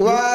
waa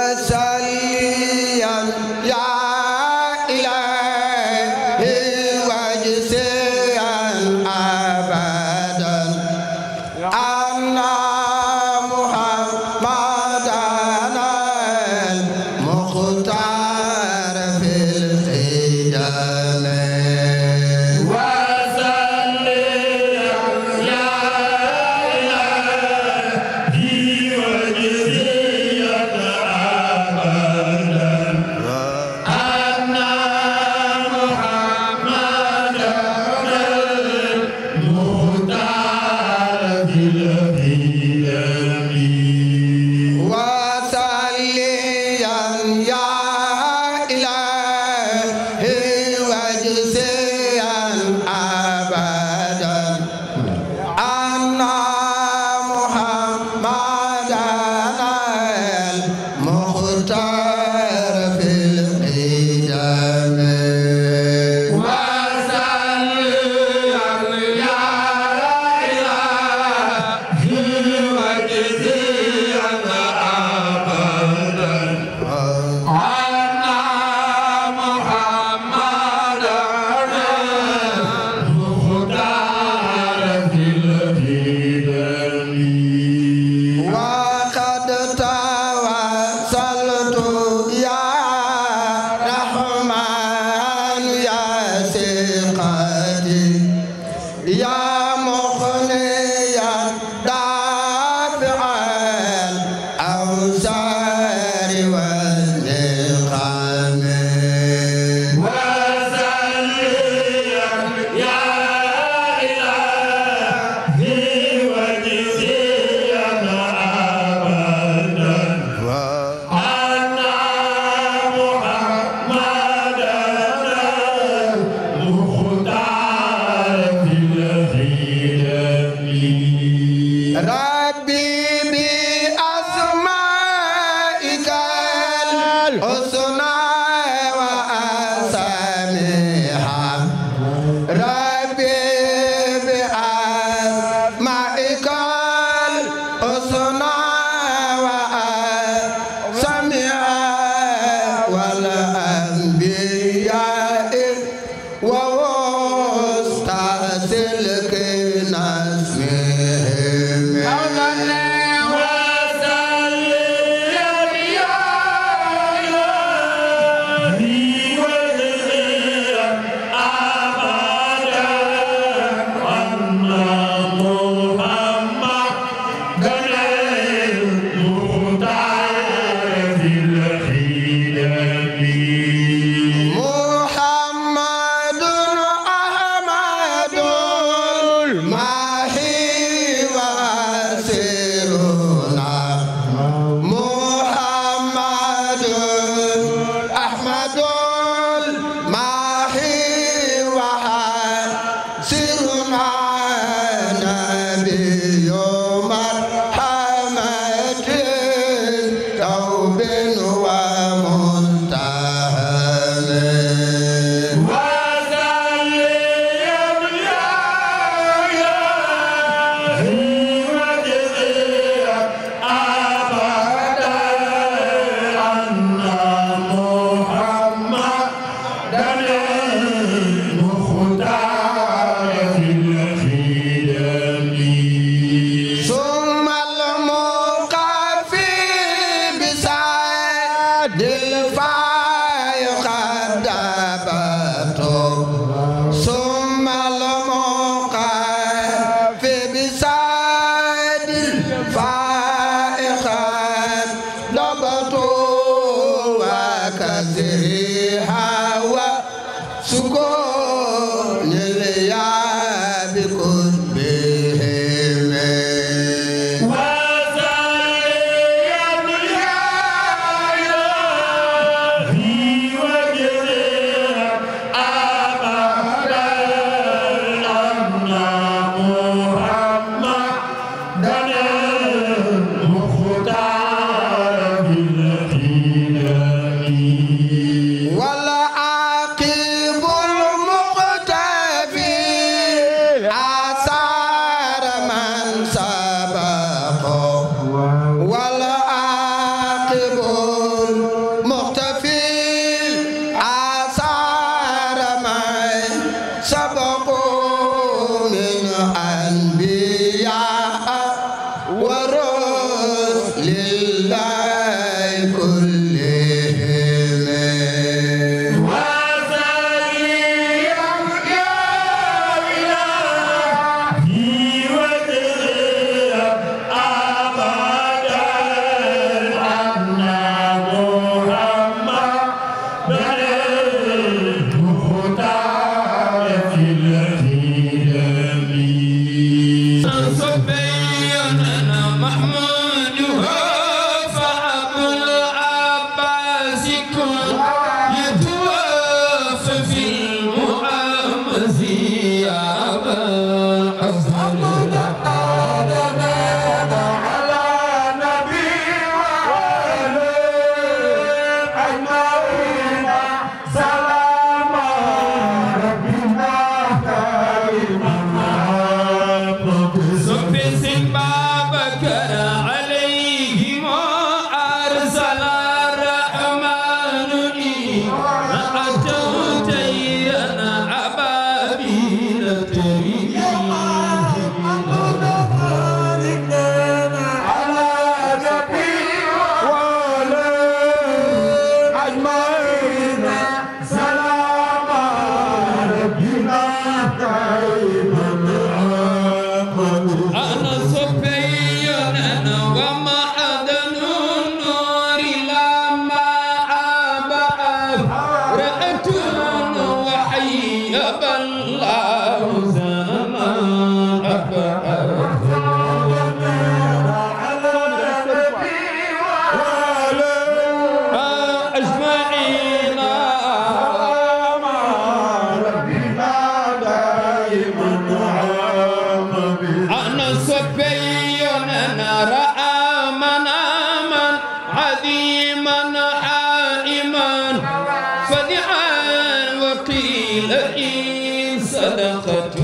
لئن صدقت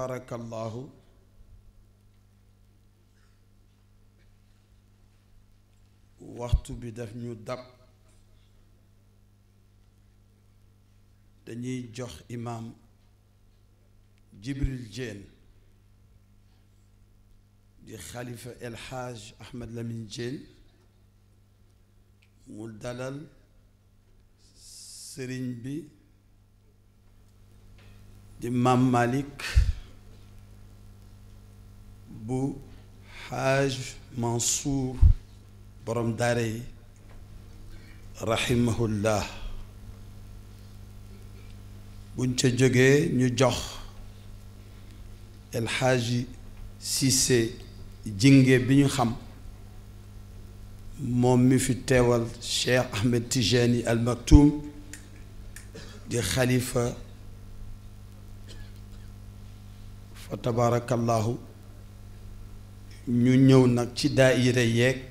tabaarakallaahu waxtu bi def ñu dab dañuy jox imaam Jibril Diène di xalifa El Ahmed Lamine Diène mu dalal sëriñ bi di Maam Malick bu xaaj Mansour borom daare yi rahimahullah buñ ca jógee ñu jox El Hadji Cissé jinge bi ñu xam moom mi fi teewal Cheikh Ahmed Tijani Al Maktoum di xalifa fa tabarakallahu ñu ñëw nag ci daayira yeeg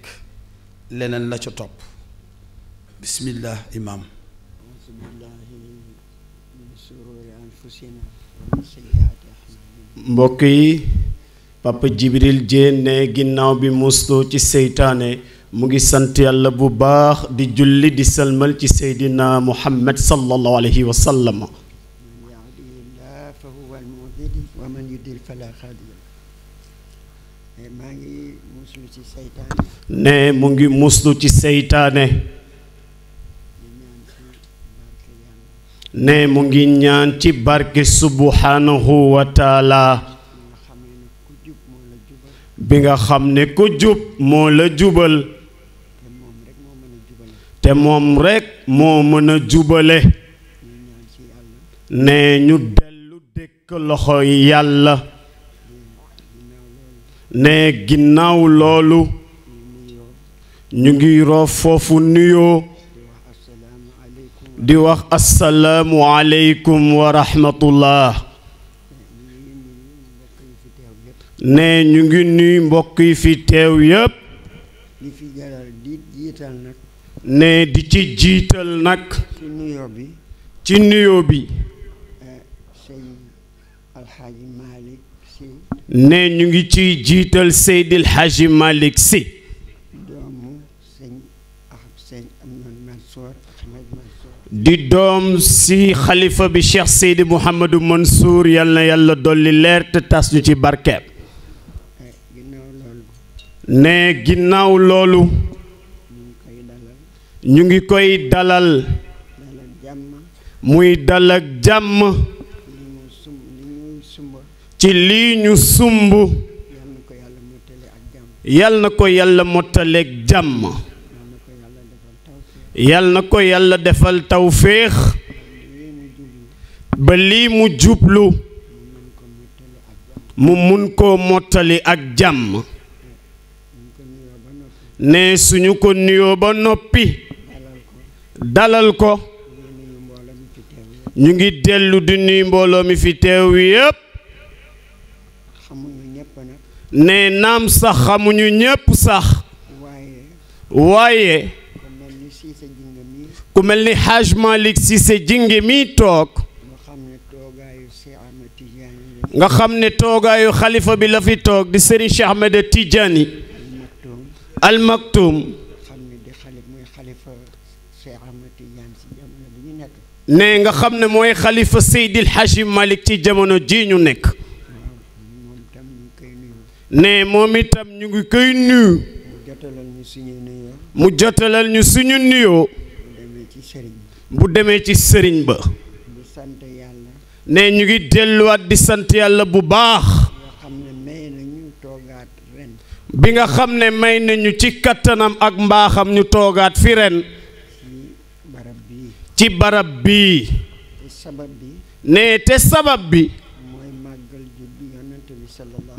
leneen la ca topp bismillah imaam mbokk yi papa jibril jéen ne ginnaaw bi musloo ci seytaane mu ngi sant yàlla bu baax di julli di salmal ci seydina muhammad sallallahu alayhi wa maa mu ngi muslu ci seytaane. ne mu ngi ñaan ci barke subhanahu wa taala. bi nga xam ne ku jub moo la jubal. te moom rekk moo mën a jubale. ne ñu dellu dëkk loxo yàlla. ne ginnaaw loolu ñu ngi roof foofu nuyoo di wax assalaamu aleykum wa rahmatullah ne ñu ngi nuy mbokk yi fi teew yépp ne di ci jiital nag ci nuyoo bi ne ñu ngi ciy jiital Seydil Hadji Malick Sy di doom si xalifa bi Cheikh Seydi Mouhamadou Mansour yal yàlla dolli leer te tas ñu ci barkeem eh, ne ginnaaw loolu ñu ngi koy dalal muy dal ak jàmm ci lii ñu sumb yal na ko yàlla mottaleeg jàmm yal na ko yàlla defal tawféex ba lii mu jublu mu mën koo mottali ak jàmm ne suñu ko nuyoo ba noppi dalal ko ñu ngi dellu di nuy mbooloo mi fi teew yépp ne naam sax xamuñu ñépp sax waaye ku mel ni Haj Malick Cissé jingi mi toog nga xam ne toogaayu xalifa bi la fi toog di Serigne Cheikh Ahmed Tidiane Al Maktoum ne nga xam ne mooy xalifa Seydil Hajji Malick ci jamono ji ñu nekk ne moom itam ñu ngi koy nuyu. mu jotalal ñu suñu nuyoo. bu demee ci sëriñ ba. ne ñu ngi delluwaat di sant yàlla bu baax. bi nga xam ne may nañu ci kattanam ak mbaaxam ñu toogaat fi ren. ci barab bii. ne te sabab bi.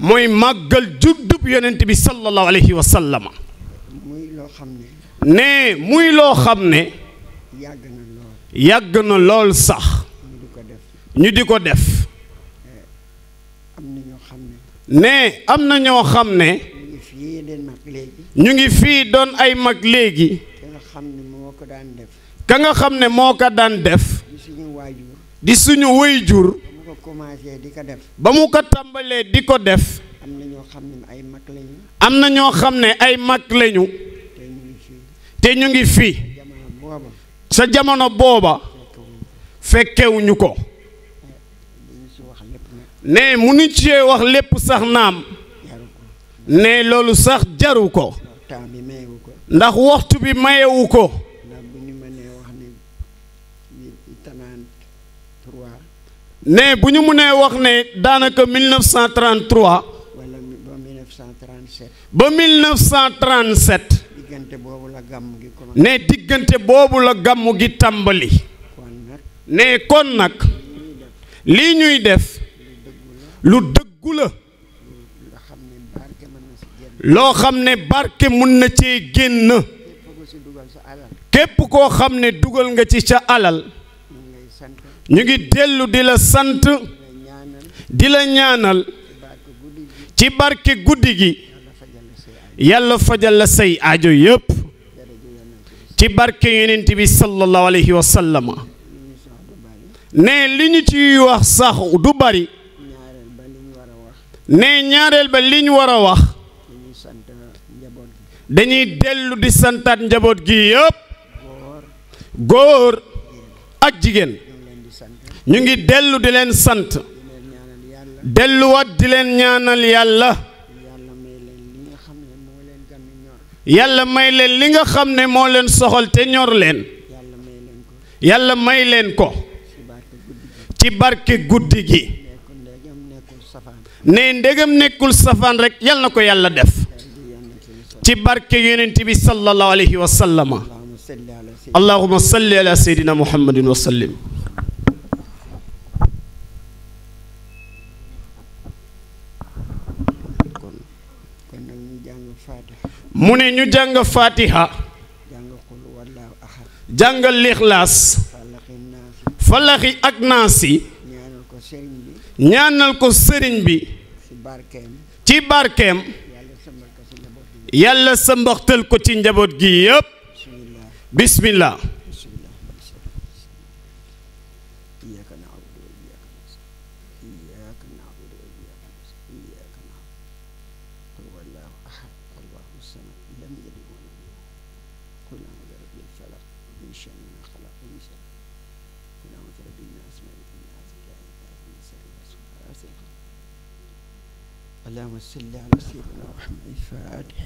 mooy màggal juddub yonent bi sallallahu alayhi wa sallam. muy loo xam ne. nee muy loo xam ne. yàgg na lool. yàgg na lool sax. ñu di ko def. ñu di ko def. Eh, ñoo xam ne. nee am na ñoo xam ne. ñu ngi fii doon ñu ngi fii doon ay mag léegi. ka nga xam ne moo ko daan def. ka nga xam ne moo ko daan def. di suñu waajur. di suñu waajur. commencé di ko def. ba mu ko tàmbalee di ko def. am na ñoo xam ne ay mag lañu. am na ñoo xam ne ay mag lañu. te ñu ngi fii. te sa jamono booba. fekkewuñu ko. ne mu ni ci wax lépp sax naam. ne loolu sax jaru ko. ndax waxtu bi mayewu ko. ne bu ñu mënee wax ne daanaka 1933. wala ba 1937. ba 1937. diggante boobu la gàmm gi commencé. ne diggante boobu la gàmmu gi tàmbali. ne kon nag. lii ñuy def. lu dëggu la. loo xam ne barke mën na cee génn. képp koo xam ne dugal nga ci ca alal. ñu ngi dellu di la sant di la ñaanal ci barke guddi gi yàlla fajal la say ajo yépp ci barke yonent bi sallallahu alayhi wa ne li ñu ciy wax sax du bari ne ñaareel ba li ñu war a wax dañuy dellu di santaat njaboot gi yépp góor ak jigéen ñu ngi dellu di leen sant delluwaat di leen ñaanal yàlla yàlla may leen li nga xam ne moo leen soxal te ñor leen yàlla may leen ko ci barke guddi gi ne ndegam nekkul safaan rek yal na ko yàlla def ci barke yonent bi sallallahu alayhi wa sallama allahuma salli ala seydina muhammadin wa sallim mu ne ñu jàng faatiha jàngal lixlaas falaxi ak naasi ñaanal ko sëriñ bi ci barkeem yàlla sa mbaxtal ko ci njaboot gi yépp bismillah ما خلقت من شيء كل أعوذ برب الناس مالك الناس اللهم صل على سيدنا محمد الفاتح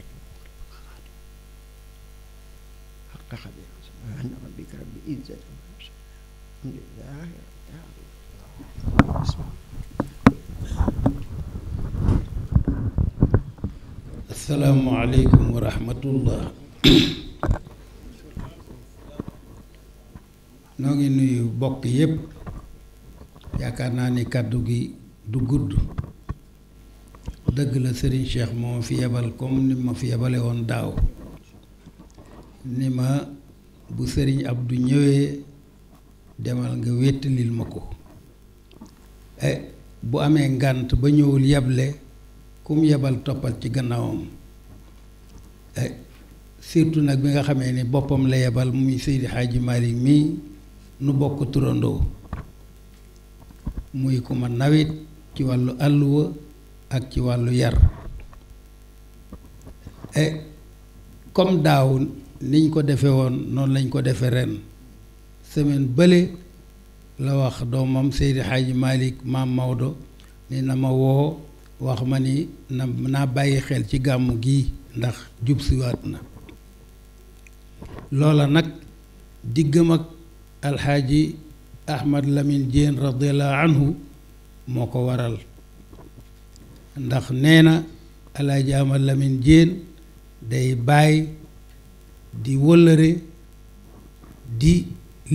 حق قدر سبحان ربك رب العزة عما يصفون الحمد لله رب العالمين السلام عليكم ورحمة الله bokk yépp yaakaar naa ni kàddu gi du gudd dëgg la Serigne Cheikh moo fi yebal comme ni ma fi yebale woon daaw ni ma bu Serigne Abdou ñëwee demal nga wéttalil ma ko e, bu amee ngànt ba ñëwul yeble kum yebal toppal ci gannaawam e, surtout nag bi nga xamee ni boppam la yebal muy Seydi Hadji Malick mii nu bokk turandoo muy ku ma nawet ci wàllu àlluwa ak ci wàllu yar e comme daaw niñ ko defe woon noonu lañ ko defe ren semaine bële la wax doomam Seydi Hadji Malick maam Maodo ni na ma woo wax ma ni na bàyyi xel ci gàmmu gi ndax jub siwaat na loola nag diggam ak alxaaji ahmad lamin jéen radiallahu anhu moo ko waral ndax nee na alxaaji ahmad lamin jéen day bàyyi di wëllëre di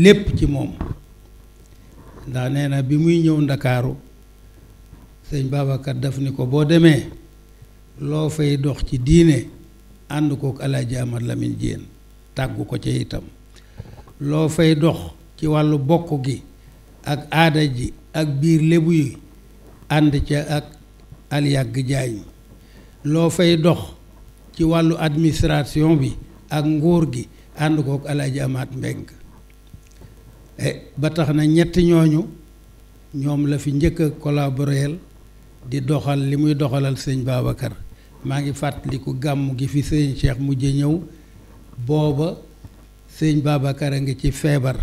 lépp ci moom ndax nee na bi muy ñëw ndakaaru sëñ Babacar daf ni ko boo demee loo fay dox ci diine ànd kook alaaji Amad Lamin Jéen tàggu ko ca itam loo fay dox ci wàllu bokk gi ak aada ji ak biir lébu yi ànd ca ak alyàgg jaañ loo fay dox ci wàllu administration bi ak nguur gi ànd kook alaaji amaat mbeng e, ba tax na ñetti ñooñu ñoom la fi njëkk a collaboreel di doxal li muy doxalal sëñ Babacar maa ngi fàttaliku gàmm gi fi sëñ Cheikh mujj ñëw booba sëñ Babacar a ngi ci feebar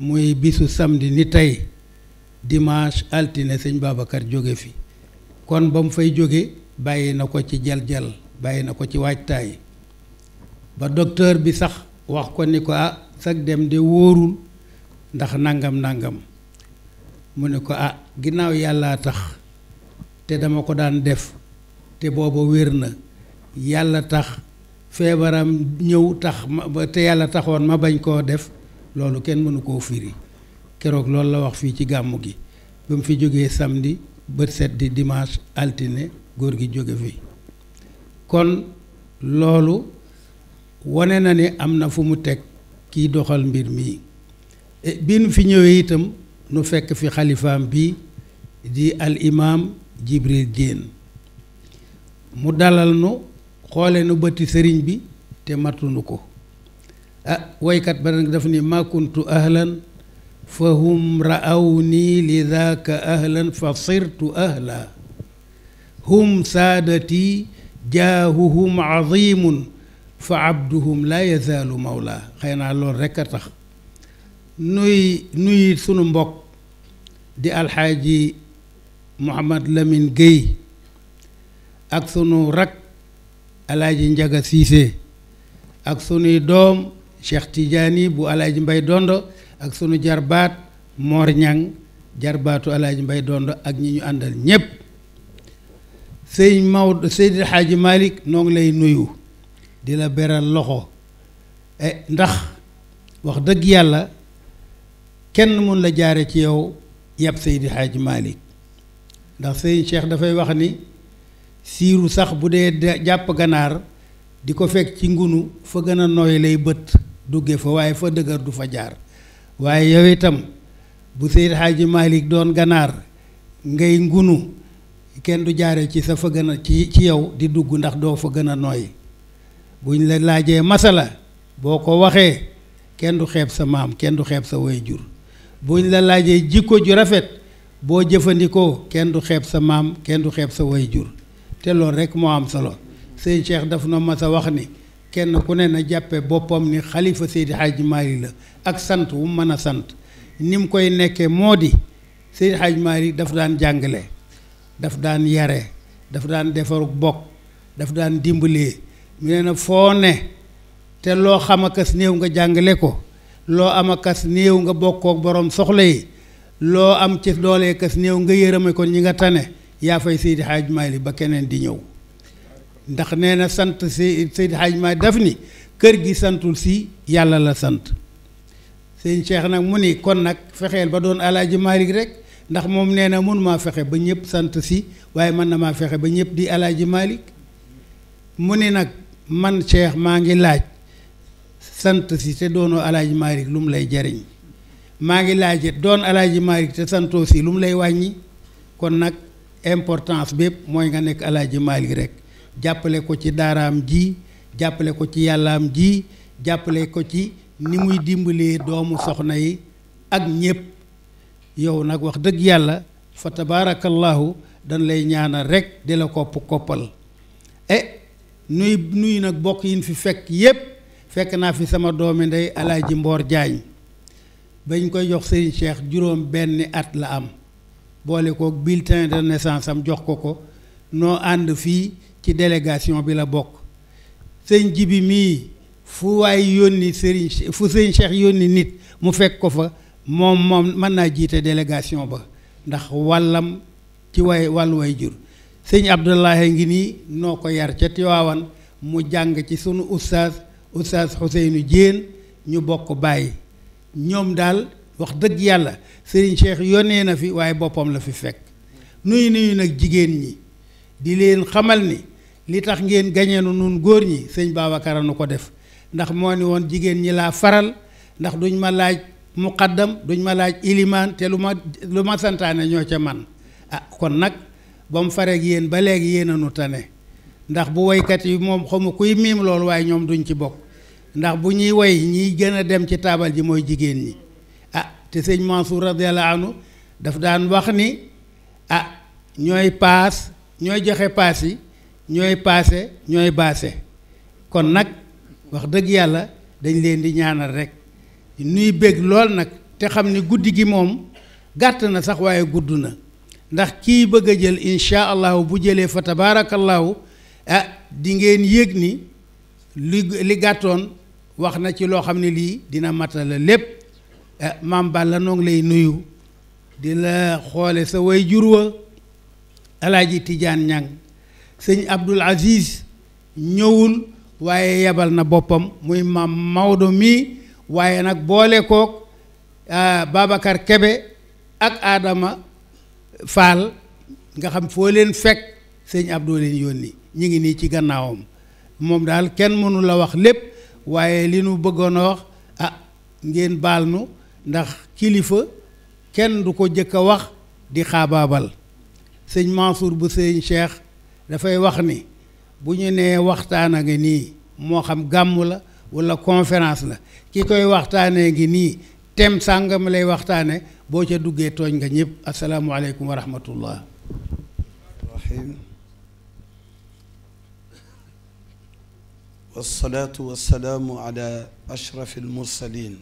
muy bisu samedi ni tey dimanche altine sëñ Babacar jóge fi kon ba mu fay jóge bàyyi na ko ci jal-jal bàyyi na ko ci waajtaay ba docteur bi sax wax ko ni ko ah sag dem de wóorul ndax nangam nangam mu ne ko ah ginnaaw yàllaa tax te dama ko daan def te booba wér na yàlla tax feebaram ñëw tax ma te yàlla taxoon ma bañ koo def loolu kenn mënu koo firi keroog loolu la wax fii ci gàmmu gi ba mu fi jógee samedi bët set di dimanche altine góor gi jóge fi kon loolu wone na ne am na fu mu teg kiy doxal mbir mii e, bi nu fi ñëwee itam nu fekk fi xalifaam bi di al imaam Jibril Diène mu dalal nu xoole nu bëti sëriñ bi te matunu ko woykat ah, waykat ba nag daf ni ma kuntu ahlan fa hum ra'aw nii li daaka ahlan fa sirtu ahla hum saadati jaahuhum azimun fa abduhum laa yazaalu mawla xëy naa lool rekk a tax nuy nuy sunu mbokk di alxaaji Mouhamad Lamine Guèye ak sunu rak alaaji Njaga Siise ak sunuy doom Cheikh Tidiane bu alaaji mbay dondo ak sunu jarbaat Mor Ñang jarbaatu alaaji mbay dond ak ñi ñu àndal ñépp sëñ Maodo Seydil Xaaji Malick noo ngi lay nuyu di la beral loxo e, ndax wax dëgg yàlla kenn mën la jaare ci yow yàpp Seydil Xaaji Malick ndax sëñ Cheikh dafay wax ni siiru sax bu dee jàpp ganaar di ko fekk ci ngunu fa gën a nooy lay bët duggee fa waaye fa dëgër du fa jaar waaye yow itam bu Seydi Hadji Malick doon ganaar ngay ngunu kenn du jaare ci sa fa gën a ci ci yow di dugg ndax doo fa gën a nooy buñ la laajee masala boo ko waxee kenn du xeeb sa maam kenn du xeeb sa waajur buñ la laajee jikko ju rafet boo jëfandikoo kenn du xeeb sa maam kenn du xeeb sa waajur te loolu rek moo am solo sëñ Cheikh daf na mas a wax ni kenn ku ne na jàppe boppam ni xalifa Seydi Hadji Malick la ak sant wu mën a sant ni mu koy nekkee moo di Seydi Hadji Malick daf daan jàngale daf daan yare daf daan defaru bokk daf daan dimbalee mu nee na foo ne te loo xam a kas néew nga jàngale ko loo am kas néew nga bokkook boroom soxla yi loo am ci doolee kas néew nga yërëme ko ñi nga tane yaa fay Seydi Hadji ba keneen di ñëw ndax nee na sant si Seydi Hadj Malick daf ni kër gi santul si yàlla la sant sëñ Cheikh nag mu ni kon nag fexeel ba doon alaaji Malick rek ndax moom nee na mun maa fexe ba ñëpp sant si waaye mën na maa fexe ba ñëpp di alaaji Malick mu ni nag man Cheikh maa ngi laaj sant si te doonoo alaaji Malick lu mu lay jariñ maa ngi laaj doon alaaji Malick te santoo si lu mu lay wàññi kon nag importance bépp mooy nga nekk alaaji Malick rek jàppale ko ci daaraam ji jàppale ko ci yàlla am ji jàppale ko ci ni muy dimbalee doomu soxna yi ak ñépp yow nag wax dëgg yàlla fa tabaarakallaahu dañ lay ñaanal rek di la kopp koppal e nuy nuy nag bokk yin fi fekk yépp fekk naa fi sama doomi ndey alaaji mboor jaañ bañ koy jox sëriñ Cheikh juróom benn at la am boole ko bulletin de naissance am jox ko ko noo ànd fii ci délégation bi la bokk sëñ Jibi mii fu waay yónni sëriñ fu sëñ Cheikh yónni nit mu fekk ko fa moom moom mën naa jiite délégation ba ndax wàllam ci way wàll waay jur sëñ Abdullahi ngi nii noo ko yar ca Tiwaawan mu jàng ci sunu ustaas ustaas Ousseynou Diène ñu bokk bàyyi ñoom daal wax dëgg yàlla sëriñ Cheikh yónnee na fi waaye boppam la fi fekk nuyu nuyu nag jigéen ñi di leen xamal ni li tax ngeen gañeenu nun góor ñi sëñ Babacar nu ko def ndax moo ni woon jigéen ñi laa faral ndax duñ ma laaj muqaddam duñ ma laaj ilimaan te lu ma lu ma santaane ñoo ca man a ah, kon nag ba mu fareeg yéen ba léegi yéen a nu tane ndax bu woykat yi moom xamu kuy miim loolu waaye ñoom duñ ci bokk ndax bu ñuy woy ñiy gën a dem ci taabal ji mooy jigéen ñi ah te sëñ Mansour radiyallahu anhu daf daan wax ni ah ñooy paas ñooy joxe paas yi ñooy paase ñooy baase kon nag wax dëgg yàlla dañ leen di ñaanal rek nuy bég lool nag te xam ni guddi gi moom gàtt na sax waaye gudd na ndax kii bëgg a jël incha bu jëlee fa tabaarakallahu ah di ngeen yéeg ni li gàttoon wax na ci loo xam ne lii dina matala lépp ah maam Balla noo ngi lay nuyu di la xoole sa way jur wa alaaji Tijaan Ñang sëñ Abdul Aziz ñëwul waaye yebal na boppam muy maam Maodo mii waaye nag boole kook ah, Babacar Kebe ak Adama Fall nga xam foo leen fekk sëñ Abdou leen yónni ñu ngi nii ci gannaawam moom daal kenn mënu la wax lépp waaye li nu bëggoon a wax a ah, ngeen baal nu ndax kilifa kenn du ko jëkk a wax di xaabaabal sëñ Mansour bu sëñ Cheikh dafay wax ni bu ñu nee waxtaan a ngi nii moo xam gàmm la walla conférence la ki koy waxtaanee ngi nii tem sàngam lay waxtaane boo ca duggee tooñ nga ñëpp asalaamualeykum wa rahmatullah rahim wasalaatu wasalaamu ala ashraf almursalin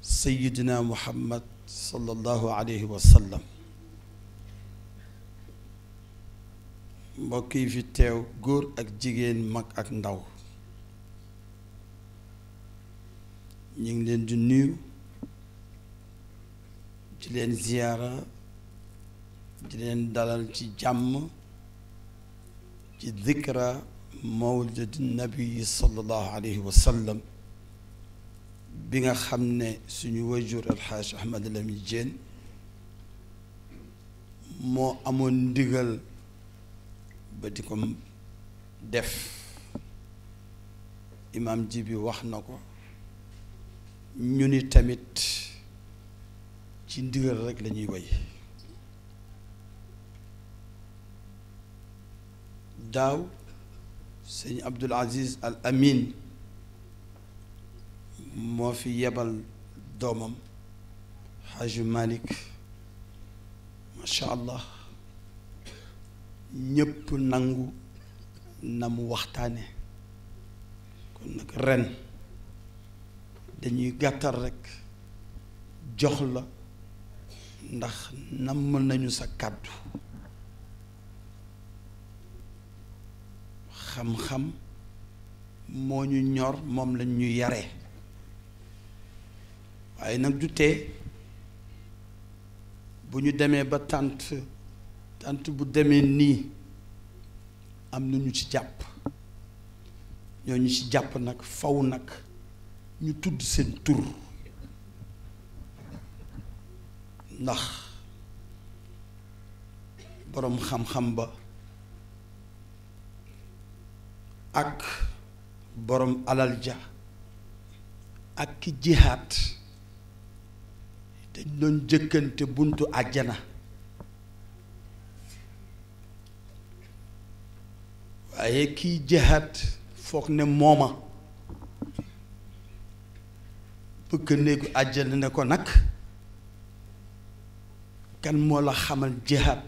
sayidina muhammad sallallahu alayhi wa sallam mbokk yi fi teew góor ak jigéen mag ak ndaw ñu ngi leen di nuyu di leen ziyaara di leen dalal ci jàmm ci dikra mawlidi nabi sallallahu alayhi wa sallam bi nga xam ne suñu wajur alxaaj Ahmad Lamine Diène moo amoon ndigal ba di ko def imaam ji wax na ko ñu ni tamit ci ndigal rek lañuy woy daaw sëñ Abdul Aziz Al Amin moo fi yebal doomam Xaaju Malik macha allah ñëpp nangu na mu waxtaane kon nag ren dañuy gàttal rekk jox la ndax namm nañu sa kàddu xam-xam moo ñu ñor moom lañ ñu yare waaye nag du tee bu ñu demee ba tànt ant bu demee nii am na ñu ci jàpp ñoo ñu ci jàpp nag fow nag ñu tudd seen tur ndax boroom xam-xam ba ak boroom alal ja ak ki jihaat te doon jëkkante buntu àjjana waaye kiy jihaat foog ne mooma bëgg néegu àjjana ne ko nag kan moo la xamal jihaat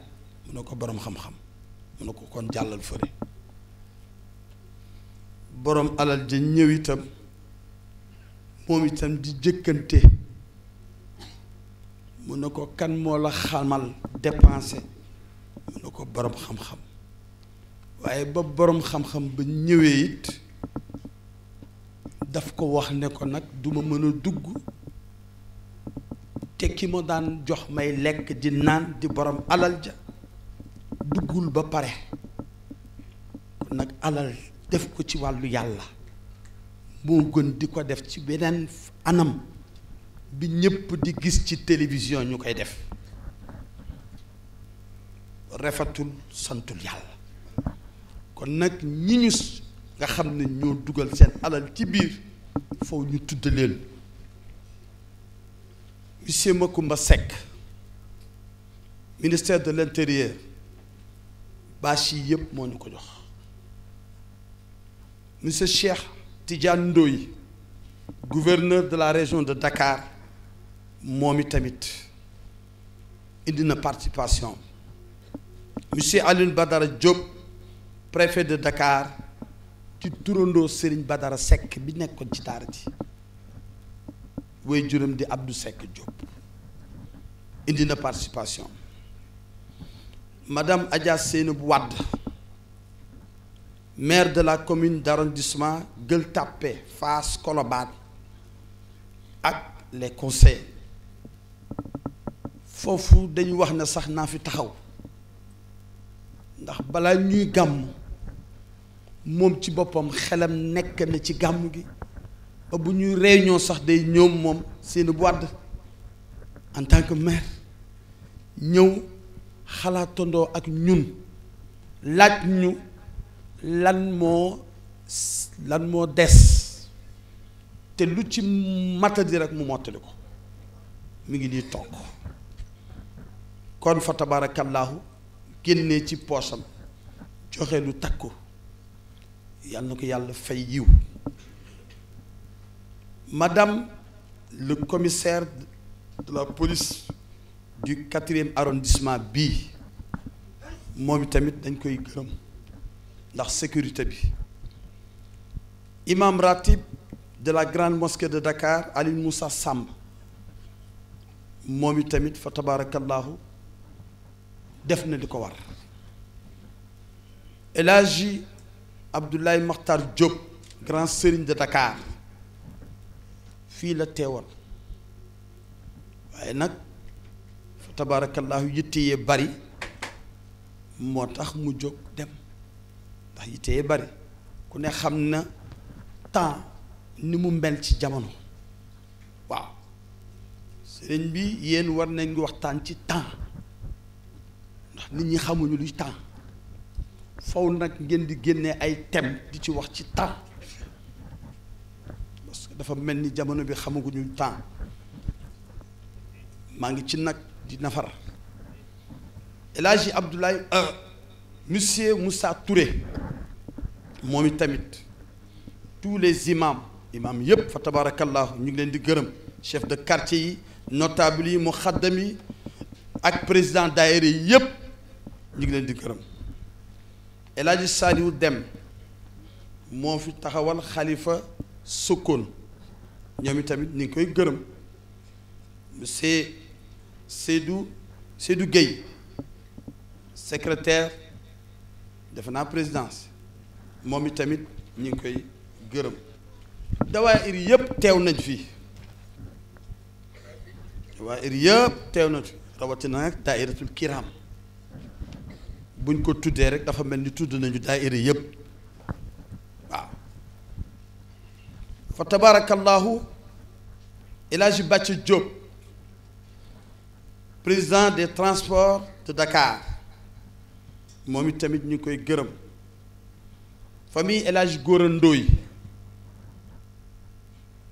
mu ne ko boroom xam-xam mu ne ko kon jàllal fëre boroom alal ja ñëw itam moom itam di jëkkante mu ne ko kan moo la xamal dépenser mu ne ko boroom xam-xam waaye ba boroom xam-xam ba ñëwee it daf ko wax ne ko nag duma mën a dugg te ki ma daan jox may lekk di naan di boroom alal ja duggul ba pare kon nag alal def ko ci wàllu yàlla moo gën di ko def ci beneen anam bi ñépp di gis ci télévision ñu koy def rafetul santul yàlla kon nag ñi ñu nga xam ne ñoo dugal seen alal ci biir foofu ñu tudd leen monsieur Macoumba Seck ministère de l'intérieur bâche yi yëpp moo ñu ko jox monsieur Cheikh Tidiane Ndoye gouverneur de la région de Dakar moom itamit indi na participation monsieur Alioune Badara Diop. préfet de Dakar ci turandoo Serigne Badara Seck bi nekkoon ci daara ji way juróom di abdu Seck Diop indi na participation madame Adja bu wadd maire de la commune d'arrondissement Gueule Tapée Fass Colobane ak les conseils foofu dañu wax na sax naa fi taxaw ndax balaa ñuy gàmm moom ci boppam xelam nekk na ci gàmmu gi ba bu ñuy reeñoo sax day ñoom moom seeni wàdd en tant que maire ñëw xalaatandoo ak ñun laaj ñu lan moo lan moo des te lu ci matadi rek mu mottali ko mu ngi nii toq kon fa tabaarakallaahu génnee ci poosam joxe lu takku yal na ko yàlla fay yiw madame le commissaire de la police du quatrième arrondissement bii moom tamit dañ koy gërëm ndax sécurité bi imam ratib de la grande mosquée de Dakar Alioune Moussa Samb moom tamit fa tabarakallahu def na li ko war El Abdoulaye Makhtar Diop grand sëriñ de Dakar fii la teewal waaye nag fa tabaarakallaahu yitte yee bari moo tax mu jóg dem ndax yitte yee bari ku ne xam na temps ni mu mel ci jamono waaw sëriñ bi yéen war nañ waxtaan ci temps ndax nit ñi xamuñu luy temps foofu nag ngeen di génnee ay thèmes di ci wax ci temps parce dafa mel ni jamono bi xamaguñu temps maa ngi ci nag di nafar El Hadji Abdoulaye euh, monsieur Moussa Touré moom it tamit tous les imams imam yëpp fa tabarakallahu ñu ngi leen di gërëm chef de quartier yi notable yi mu xaddam yi ak président daayira yi yëpp ñu ngi leen di gërëm El Hadj dem moo fi taxawal xalifa Sokone ñoom itamit ñu ngi koy gërëm monsieur Seydou Seydou Guèye secrétaire defe naa présidence moom itamit ñu ngi koy gërëm dawaayir yëpp teew nañ fi dawaayir yëpp teew nañ fi rawatina nag daayiratul kiram buñ ko tuddee rek dafa mel ni tudd nañu daayira yëpp waaw fa tabarakallahu El Hadji Bàcc Diop président des transport de Dakar moom it tamit ñu ngi koy gërëm famille El Hadji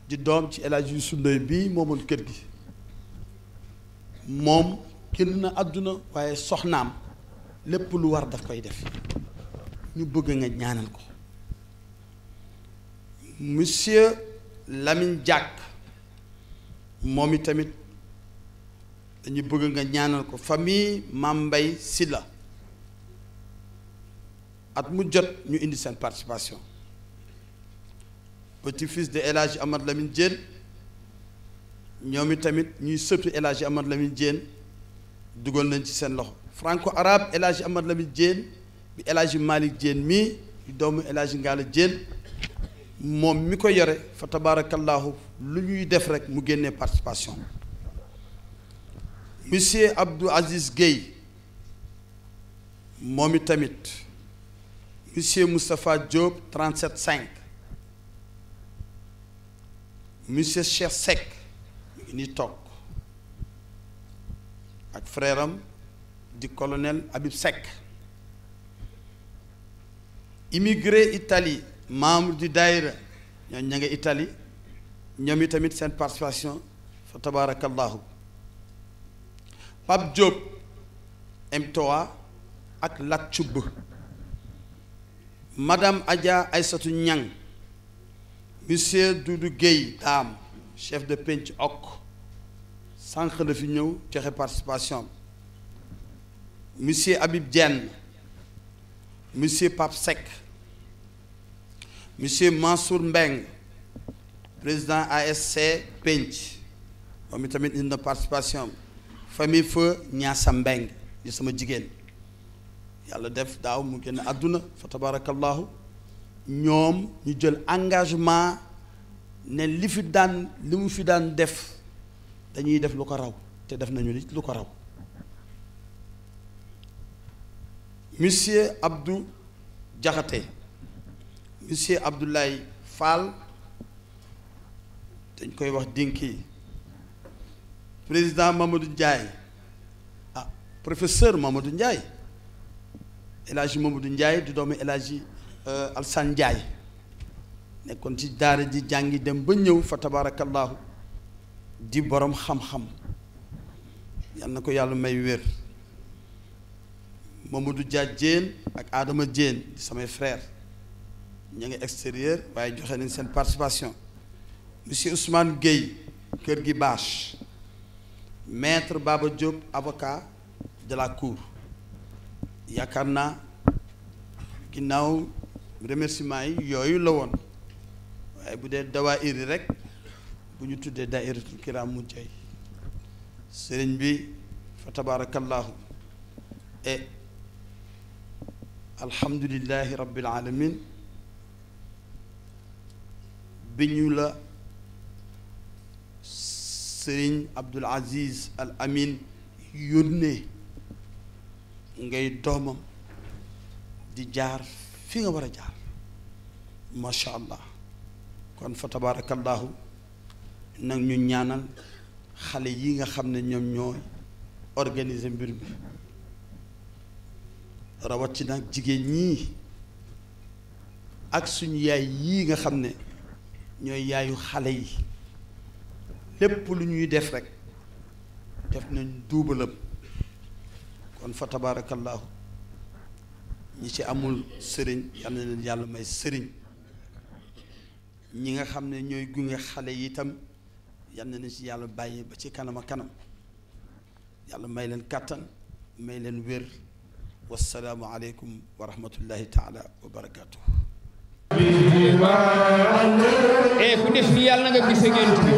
di doom ci El Hadji Youssou bii moomoon kër gi moom génn na àdduna waaye soxnaam lépp lu war daf koy def ñu bëgg nga ñaanal ko monsieur Lamine Diack moom i tamit dañu bëgg nga ñaanal ko famille Mame Mbaye Sylla at mu jot ñu indi seen participation petit-fils de El Hadj Amad Lamine Diène ñoom i tamit ñuy sëtu El Hadj Amad Lamine Diène dugal nañ ci seen loxo franco arabe El Hadj Amad Lamine bi El Hadj Malick mii doomu El Hadj Ngalla Diène moom mi ko yore fa tabaarakallaahu lu ñuy def rek mu génne participation monsieur Abdou Aziz Guèye moom i tamit monsieur Moustapha Diop 37 5 monsieur Cheikh Seck mi ngi nii ak frère di colonel Habib Seck immigré itali membre di daïra ñoom ña nga ñoom i tamit seen participation fa tabarakallahu Pape Diop M3 ak Lat Cubb madame ay Aysatu Ñang monsieur Doudou Guèye daam chef de penc ok sànq la fi ñëw joxe participation monsieur Habib Diène monsieur Pape Seck monsieur Mansour Mbeng président ASC Penc moom itamit indi na participation famille feu Ñaasa Mbeng di sama jigéen yàlla def daaw mu génn àdduna fa tabarakallahu ñoom ñu jël engagement ne li fi daan li mu fi daan def dañuy def lu ko raw te def nañu li lu ko raw monsieur Abdou Diakhaté monsieur Abdoulaye Fall dañ koy wax Dinki président Mamadou Ndiaye ah professeur Mamadou Ndiaye El Hadji Mamadou Ndiaye di doomu El Hadji euh, Alsan Ndiaye nekkoon ci daara ji jàngi dem ba ñëw fa tabaarakallaahu di boroom xam-xam yal na ko yàlla may wér moom Mamadou Dia Diène ak aadama Diène di samay frère ña ngi extérieur waaye joxe nañ seen participation monsieur Ousmane Gueye kër gi bâche maitre Baba Diop avocat de la yaakaar naa ginnaaw remerciement yi yooyu la woon waaye bu dee dawaa iri rek bu ñu tuddee dairatul kiram mujjay sëriñ bi fa tabaarakallaahu et alhamdulillahi rabbil alamin bi ñu la sëriñ Abdul Aziz Al Amin yónnee ngay doomam di jaar fi nga war a jaar macha allah kon fa tabarakallahu nag ñu ñaanal xale yi nga xam ne ñoom ñooy organise mbir bi rawatina jigéen ñii ak suñu yaay yii nga xam ne ñooy yaayu xale yi lépp lu ñuy def rek def nañ duubalam kon fa tabaarakallaahu ñi ci amul sëriñ yal na leen yàlla may sëriñ ñi nga xam ne ñooy gunge xale yi itam yal na ci yàlla bàyyi ba ci kanam kanam yàlla may leen kàttan may leen wér wassalaamu aleykum wa rahmatullahi taala wa barakaatu e ku def fi yàlla na nga gis a gént bi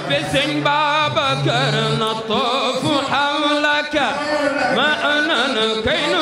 soppe sëñ Babacar na toofu xawlaka ma anan kay nu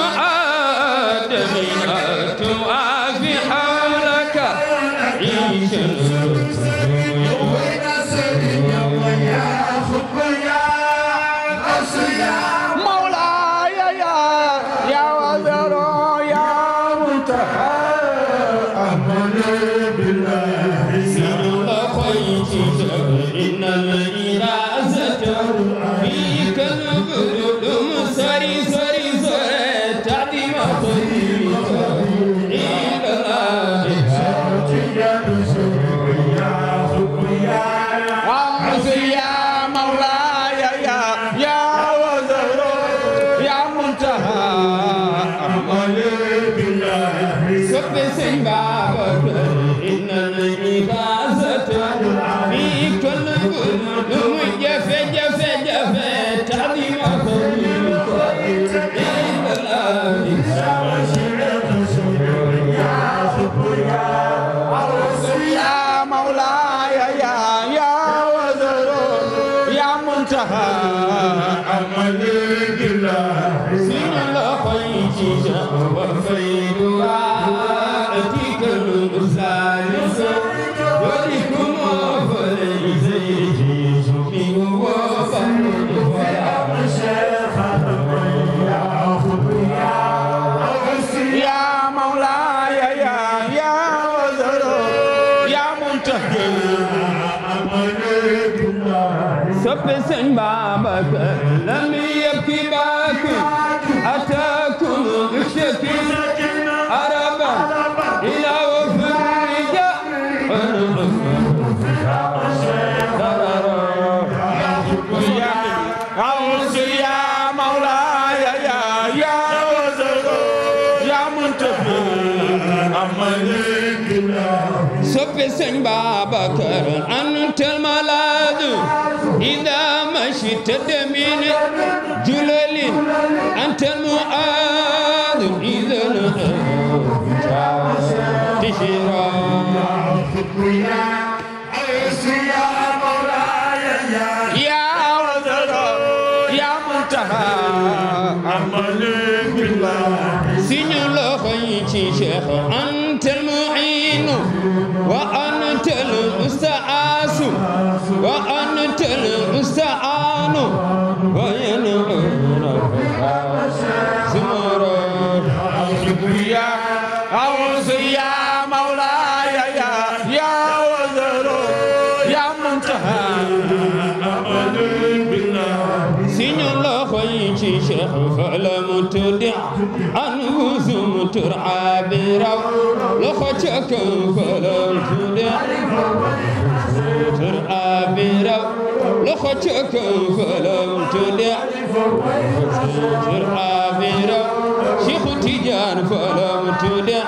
وفيدها سكر أنت الملاذ إذا مشيت من جلل أنت المؤاذ إذا تشرى يا وزر يا منتهى عمل بالله سن الله شيخ أنت المعين وأنت وأنت المستعان وينعون زمرا أعوذ بيا أعوذ يا مولاي يا يا وزر يا منتهى أبد بالله سن الله خيشي شيخ فعلم تدع أنوز مترعى بروح ko ci kaw falam tunde sir amira Cheikhu Tijaan falam tunde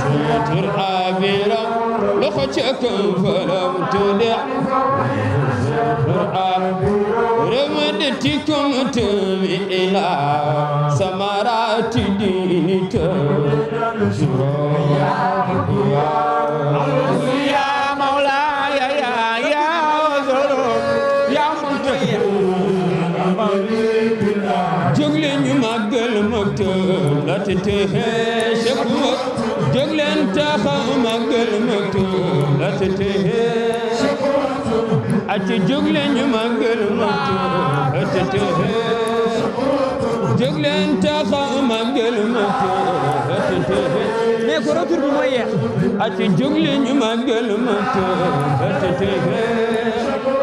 sir amira loxo ci kaw falam tunde remede tikum tumi ila samarati dinita ya ya jóg leen ñu màggal Mokhtar jóg leen taxa màggal Mokhtar mais ko retour bi mooy yeex ati jóg leen ñu màggal Mokhtar